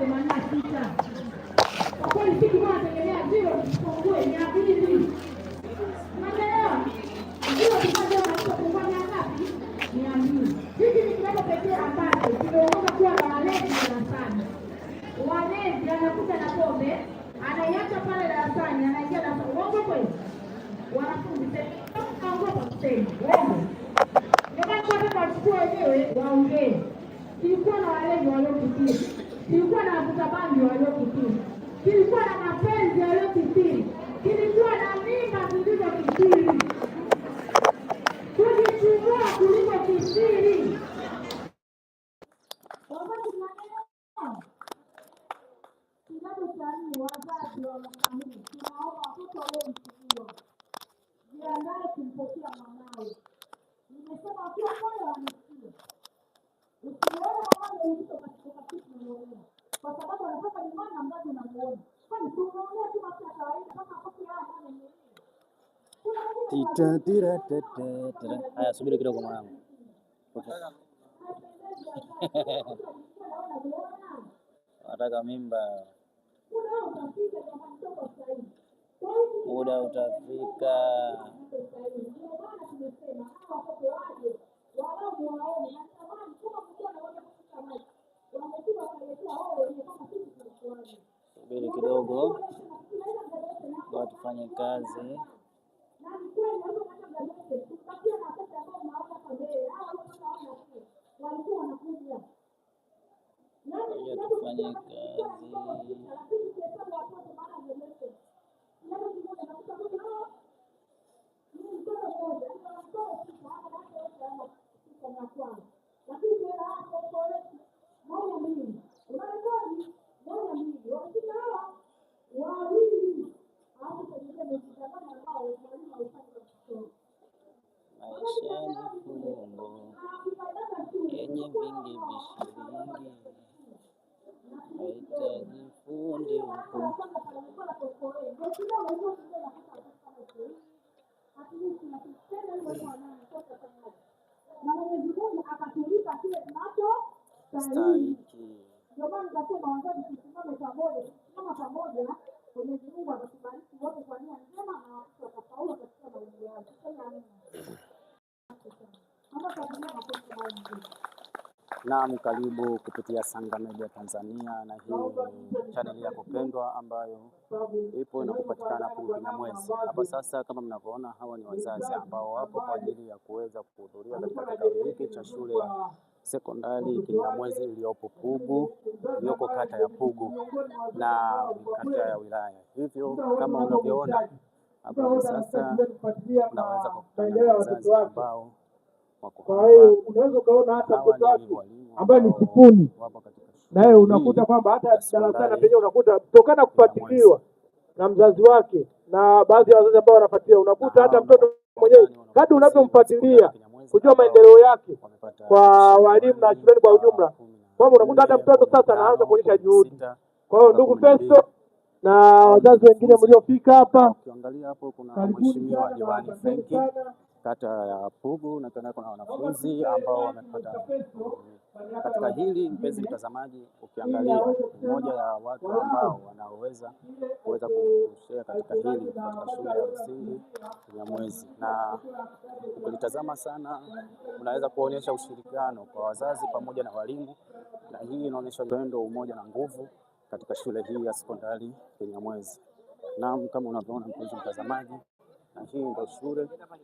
themanini na sita. Kwa kweli sikuwa nategemea mia mbili. Hiki ni pekee ambacho kimeongoza kuwa na walezi darasani. Walezi anakuta na pombe, anaiacha pale darasani, anaingia na uongo kweli. Wanafunzi kusema uongo. Ndio wenyewe waongee. Ilikuwa na walezi waliopitia kilikuwa na wavuta bangi waliokithiri, kilikuwa na mapenzi yaliyokithiri, kilikuwa na mimba zilizokithiri, kujichumua kulikokithiri. Kidato cha nne, wazazi tunaomba watoto walio jiandae kumpokea mama Tita tira Haya, subiri kidogo mwanangu. Nataka mimba. Muda utafika. Subiri kidogo, watufanye kazi. katika tufanye kazi Thank you. stahiki. Ndio maana wazazi, tusimame pamoja, tusimama pamoja, Mwenyezi Mungu wote kwa nia njema na watafaulu katika yao. Tuseme amina. Naam, karibu kupitia Sanga Media Tanzania, na hii ni chaneli yako pendwa ambayo ipo na kupatikana kila mwezi. Hapa sasa, kama mnavyoona, hawa ni wazazi ambao wapo kwa ajili ya kuweza kuhudhuria katika kikao hiki cha shule ya sekondari Kinyamwezi iliyopo Pugu, iliyoko kata ya Pugu na kata ya wilaya. Hivyo kama unavyoona hapa sasa, unaweza kukutana wazazi ambao wako kwa hiyo unaweza ukaona hata mtoto wako ambaye ni sifuni naye unakuta kwamba hata darasani penyewe unakuta kutokana kufuatiliwa na mzazi wake na baadhi ya wazazi ambao wanafuatilia, unakuta hata mtoto mwenyewe kadri unavyomfuatilia kujua maendeleo yake kwa walimu na shuleni kwa ujumla, hivyo unakuta hata mtoto sasa anaanza kuonyesha juhudi. Kwa hiyo ndugu Festo na wazazi wengine mliofika hapa, karibuni sana kata ya Pugu na tunaona kuna wanafunzi ambao wamepata mm, katika hili. Mpenzi mtazamaji, ukiangalia mmoja ya watu ambao wanaoweza kuweza kushea katika hili katika shule ya msingi Kinyamwezi, na ukilitazama sana unaweza kuonyesha ushirikiano kwa wazazi pamoja na walimu, na hii inaonyesha upendo, umoja na nguvu katika shule hii ya sekondari Kinyamwezi. Naam, kama unavyoona mpenzi mtazamaji na hii ndio shule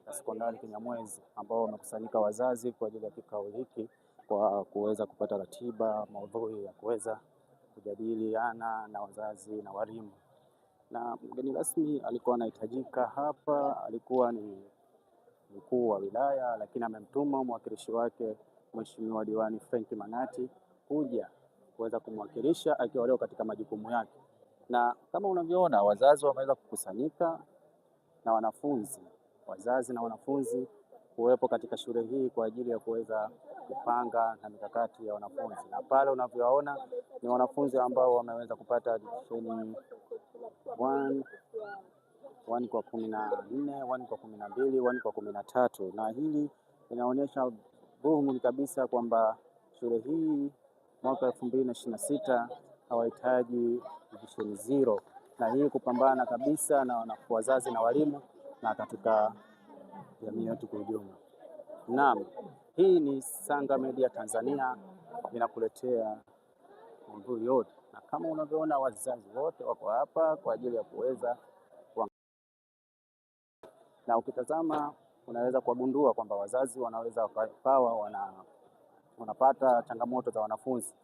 ya sekondari Kinyamwezi ambao wamekusanyika wazazi kwa ajili ya kikao hiki kwa kuweza kupata ratiba, maudhui ya kuweza kujadiliana na wazazi na walimu. Na mgeni rasmi alikuwa anahitajika hapa, alikuwa ni mkuu wa wilaya, lakini amemtuma mwakilishi wake Mheshimiwa Diwani Frank Manati kuja kuweza kumwakilisha akiwa leo katika majukumu yake, na kama unavyoona wazazi wameweza kukusanyika na wanafunzi, wazazi na wanafunzi kuwepo katika shule hii kwa ajili ya kuweza kupanga na mikakati ya wanafunzi, na pale unavyoona ni wanafunzi ambao wameweza kupata divisheni one, kwa kumi na nne, one kwa kumi na mbili, one kwa kumi na tatu, na hili inaonyesha buhumuni kabisa kwamba shule hii mwaka elfu mbili na ishirini na sita hawahitaji divisheni zero na hii kupambana kabisa na wazazi na walimu na katika jamii yetu kwa ujumla. Naam, hii ni Sanga Media Tanzania inakuletea maudhui yote, na kama unavyoona wazazi wote wako hapa kwa ajili ya kuweza kwa... na ukitazama unaweza kuwagundua kwamba wazazi wanaweza wakawa wana wanapata changamoto za wanafunzi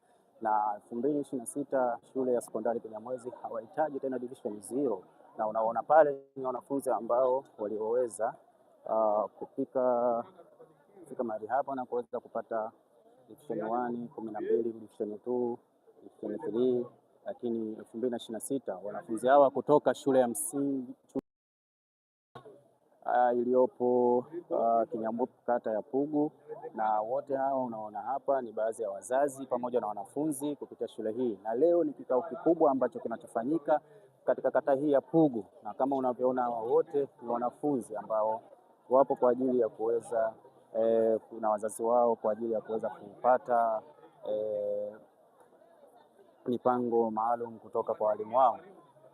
na elfu mbili ishirini na sita shule ya sekondari Kinyamwezi hawahitaji tena division zero, na unaona pale ni wanafunzi ambao walioweza uh, kufika kufika mahali hapa na kuweza kupata division 1, kumi na mbili, division 2, division 3. Lakini elfu mbili na ishirini na sita wanafunzi hawa kutoka shule ya msingi uh, iliyopo uh, Kinyambupu kata ya Pugu, na wote hao unaona hapa ni baadhi ya wazazi pamoja na wanafunzi kupitia shule hii, na leo ni kikao kikubwa ambacho kinachofanyika katika kata hii ya Pugu, na kama unavyoona wote ni wanafunzi ambao wapo kwa ajili ya kuweza eh, na wazazi wao kwa ajili ya kuweza kupata eh, mipango maalum kutoka kwa walimu wao,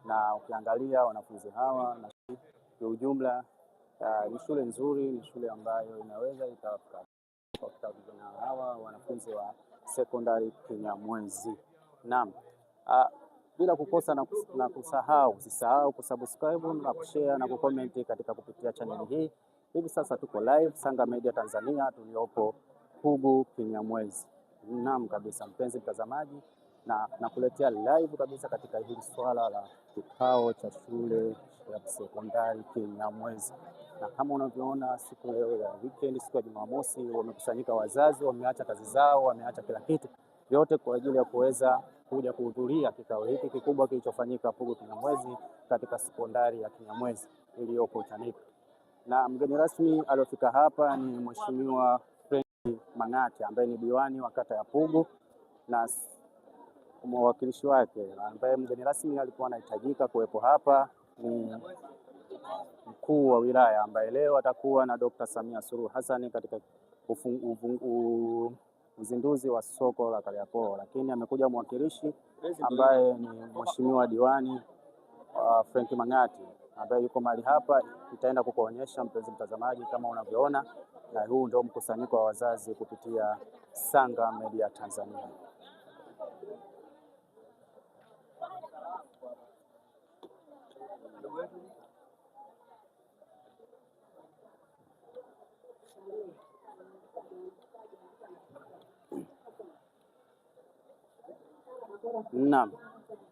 na ukiangalia wanafunzi hawa na kwa ujumla Uh, ni shule nzuri, ni shule ambayo inaweza ikawafikia vijana hawa wanafunzi wa sekondari Kinyamwezi. Naam, uh, bila kukosa na, kus na kusahau, usisahau kusubscribe na kushare na kucomment katika kupitia chaneli hii. Hivi sasa tuko live Sanga Media Tanzania, tuliopo Pugu Kinyamwezi. Naam kabisa, mpenzi mtazamaji, na nakuletea live kabisa katika hili swala la kikao cha shule ya sekondari Kinyamwezi na kama unavyoona siku ya weekend, siku ya Jumamosi, wamekusanyika wazazi, wameacha kazi zao, wameacha kila kitu, yote kwa ajili ya kuweza kuja kuhudhuria kikao hiki kikubwa kilichofanyika Pugu Kinyamwezi katika sekondari ya Kinyamwezi iliyoko Utanika. Na mgeni rasmi aliyofika hapa ni Mheshimiwa Frank Mang'ati ambaye ni diwani wa kata ya Pugu na mwakilishi wake ambaye mgeni rasmi alikuwa anahitajika kuwepo hapa ni mkuu wa wilaya ambaye leo atakuwa na Dr. Samia Suluhu Hassan katika uzinduzi wa soko la Kariakoo, lakini amekuja mwakilishi ambaye ni mheshimiwa diwani uh, Frank Mang'ati ambaye yuko mahali hapa. Itaenda kukuonyesha mpenzi mtazamaji, kama unavyoona, na huu ndio mkusanyiko wa wazazi kupitia Sanga Media Tanzania. Naam,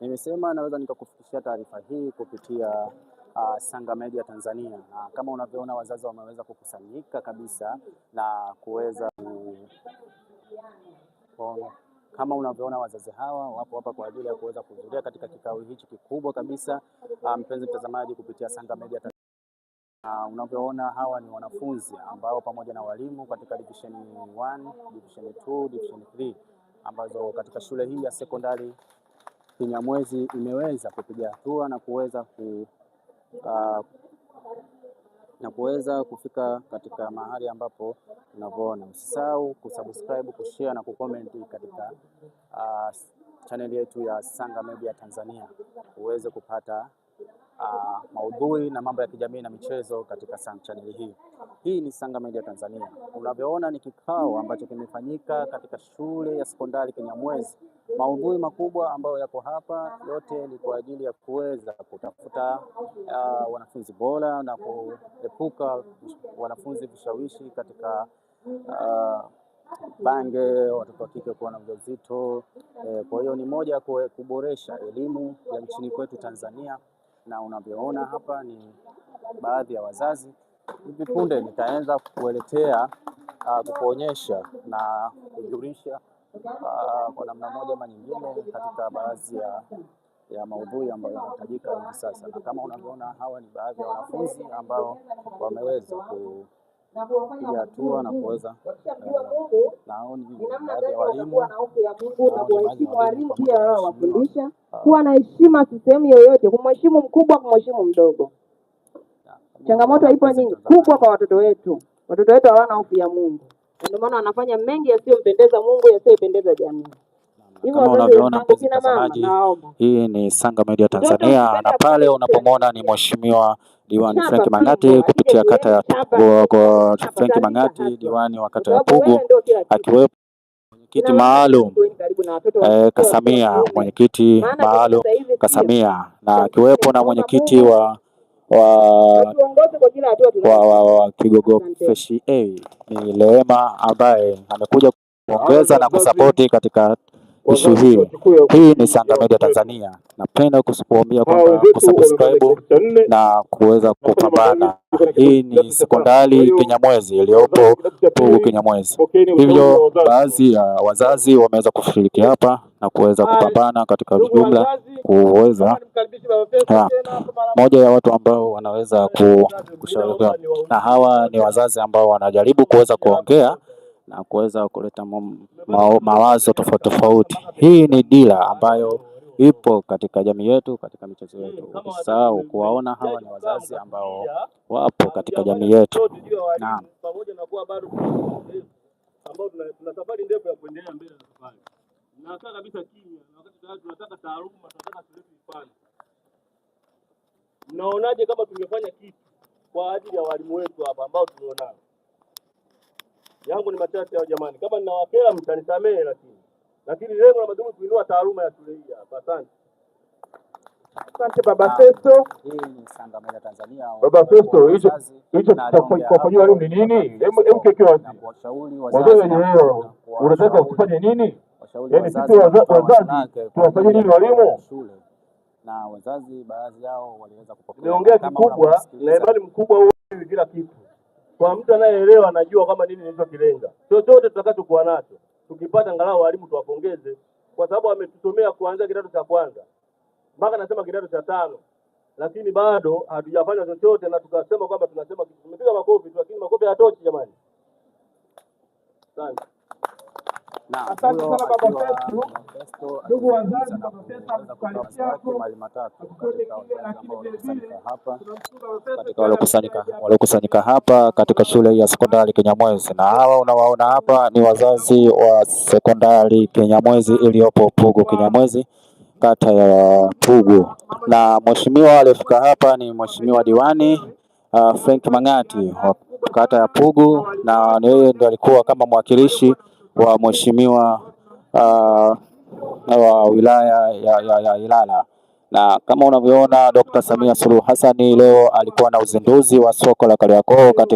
nimesema naweza nikakufikishia taarifa hii kupitia Uh, Sanga Media Tanzania na kama unavyoona wazazi wameweza kukusanyika kabisa na kuweza kama unavyoona wazazi hawa wapo hapa kwa ajili ya kuweza kuhudhuria katika kikao hichi kikubwa kabisa uh, mpenzi mtazamaji, kupitia Sanga Media Tanzania. Uh, unavyoona hawa ni wanafunzi ambao pamoja na walimu katika division 1, division 2, division 3 ambazo katika shule hii ya sekondari Kinyamwezi imeweza kupiga hatua na kuweza ku, uh, na kuweza kufika katika mahali ambapo unavyoona. Usisahau kusubscribe, kushare na kucomment katika uh, chaneli yetu ya Sanga Media Tanzania uweze kupata Uh, maudhui na mambo ya kijamii na michezo katika Sang channel hii. Hii ni Sanga Media Tanzania. Unavyoona ni kikao ambacho kimefanyika katika shule ya sekondari Kinyamwezi. Maudhui makubwa ambayo yako hapa yote ni kwa ajili ya kuweza kutafuta uh, wanafunzi bora na kuepuka wanafunzi vishawishi katika uh, bange watoto wa kike kuwa na ujauzito. Eh, kwa hiyo ni moja ya kuboresha elimu ya nchini kwetu Tanzania na unavyoona hapa ni baadhi ya wazazi. Hivi punde nitaanza kukueletea uh, ah, kukuonyesha na kujulisha uh, kwa namna moja ama nyingine katika baadhi ya ya maudhui ambayo yanahitajika hivi sasa, na kama unavyoona hawa ni baadhi ya wanafunzi ambao wameweza ku kupiga hatua na kuweza eh, ah. kuwa na heshima sehemu yoyote, kumheshimu mkubwa, kumheshimu mdogo. Changamoto ipo nyingi kubwa kwa watoto wetu. Watoto wetu hawana hofu ya Mungu, ndio maana wanafanya mengi yasiyompendeza Mungu, yasiyopendeza jamii. Kama unavyoona mpenzi mtazamaji, hii ni Sanga Media Tanzania, na pale unapomwona ni mheshimiwa Diwani Frank Mang'ati kupitia kata ya Frank Mang'ati, diwani wa kata ya Pugu akiwepo mwenyekiti maalum eh, Kasamia, mwenyekiti maalum Kasamia na akiwepo na mwenyekiti wa wa, wa, wa, wa Kigogo Fresh A ni leema ambaye amekuja kuongeza na kusapoti katika kusuhiwa. Hii ni Sanga Media Tanzania. Napenda kukuambia kwamba kusubscribe na kuweza kupambana. Hii ni sekondari Kinyamwezi iliyopo Pugu Kinyamwezi. Hivyo baadhi ya wazazi wameweza kushiriki hapa na kuweza kupambana katika jumla kuweza moja ya watu ambao wanaweza kushauriwa, na hawa ni wazazi ambao wanajaribu kuweza kuongea na kuweza kuleta ma, mawazo tofauti tofauti. Hii ni dira ambayo ipo katika jamii yetu, katika michezo yetu. Usisahau kuwaona hawa ni wazazi ambao wapo katika jamii yetu. Naam, pamoja na kuwa bado ambao tuna safari ndefu ya kuendelea mbele na safari tunataka kabisa kimya, na wakati tayari tunataka taaluma, tunataka suluhu ifanye. Mnaonaje kama tungefanya kitu kwa ajili ya walimu wetu hapa ambao tulionao yangu ni machache hayo jamani, kama ninawakera mtanisamehe, lakini lakini lengo la madhumuni kuinua taaluma ya shule hii hapa. Asante. Asante Baba Festo. Baba Festo, hicho hicho kufanyia walimu ni nini? Hebu hebu keke wazi, wazazi wenye wao, unataka usifanye nini? Yaani sisi wazazi tuwafanye nini walimu? na wazazi baadhi yao waliweza kupokea. Niongea kikubwa na imani mkubwa huo kila kitu kwa mtu anayeelewa anajua kama nini nilichokilenga. Chochote tutakachokuwa nacho tukipata, angalau walimu tuwapongeze, kwa sababu wametusomea kuanzia kidato cha kwanza mpaka nasema kidato cha tano, lakini bado hatujafanya chochote, na tukasema kwamba tunasema Tumepiga makofi tu, lakini makofi hayatoshi. Asante sana baba ndugu wazazi, baba waliokusanyika hapa katika shule ya sekondari Kinyamwezi, na hawa unawaona hapa ni wazazi wa sekondari Kinyamwezi iliyopo Pugu Kinyamwezi, kata ya Pugu, na mheshimiwa aliyefika hapa ni mheshimiwa diwani uh, Frank Mang'ati wa kata ya Pugu, na yeye ndio alikuwa kama mwakilishi wa mheshimiwa uh, wa wilaya ya, ya, ya Ilala na kama unavyoona Dr. Samia Suluhu Hassan leo alikuwa na uzinduzi wa soko la Kariakoo katika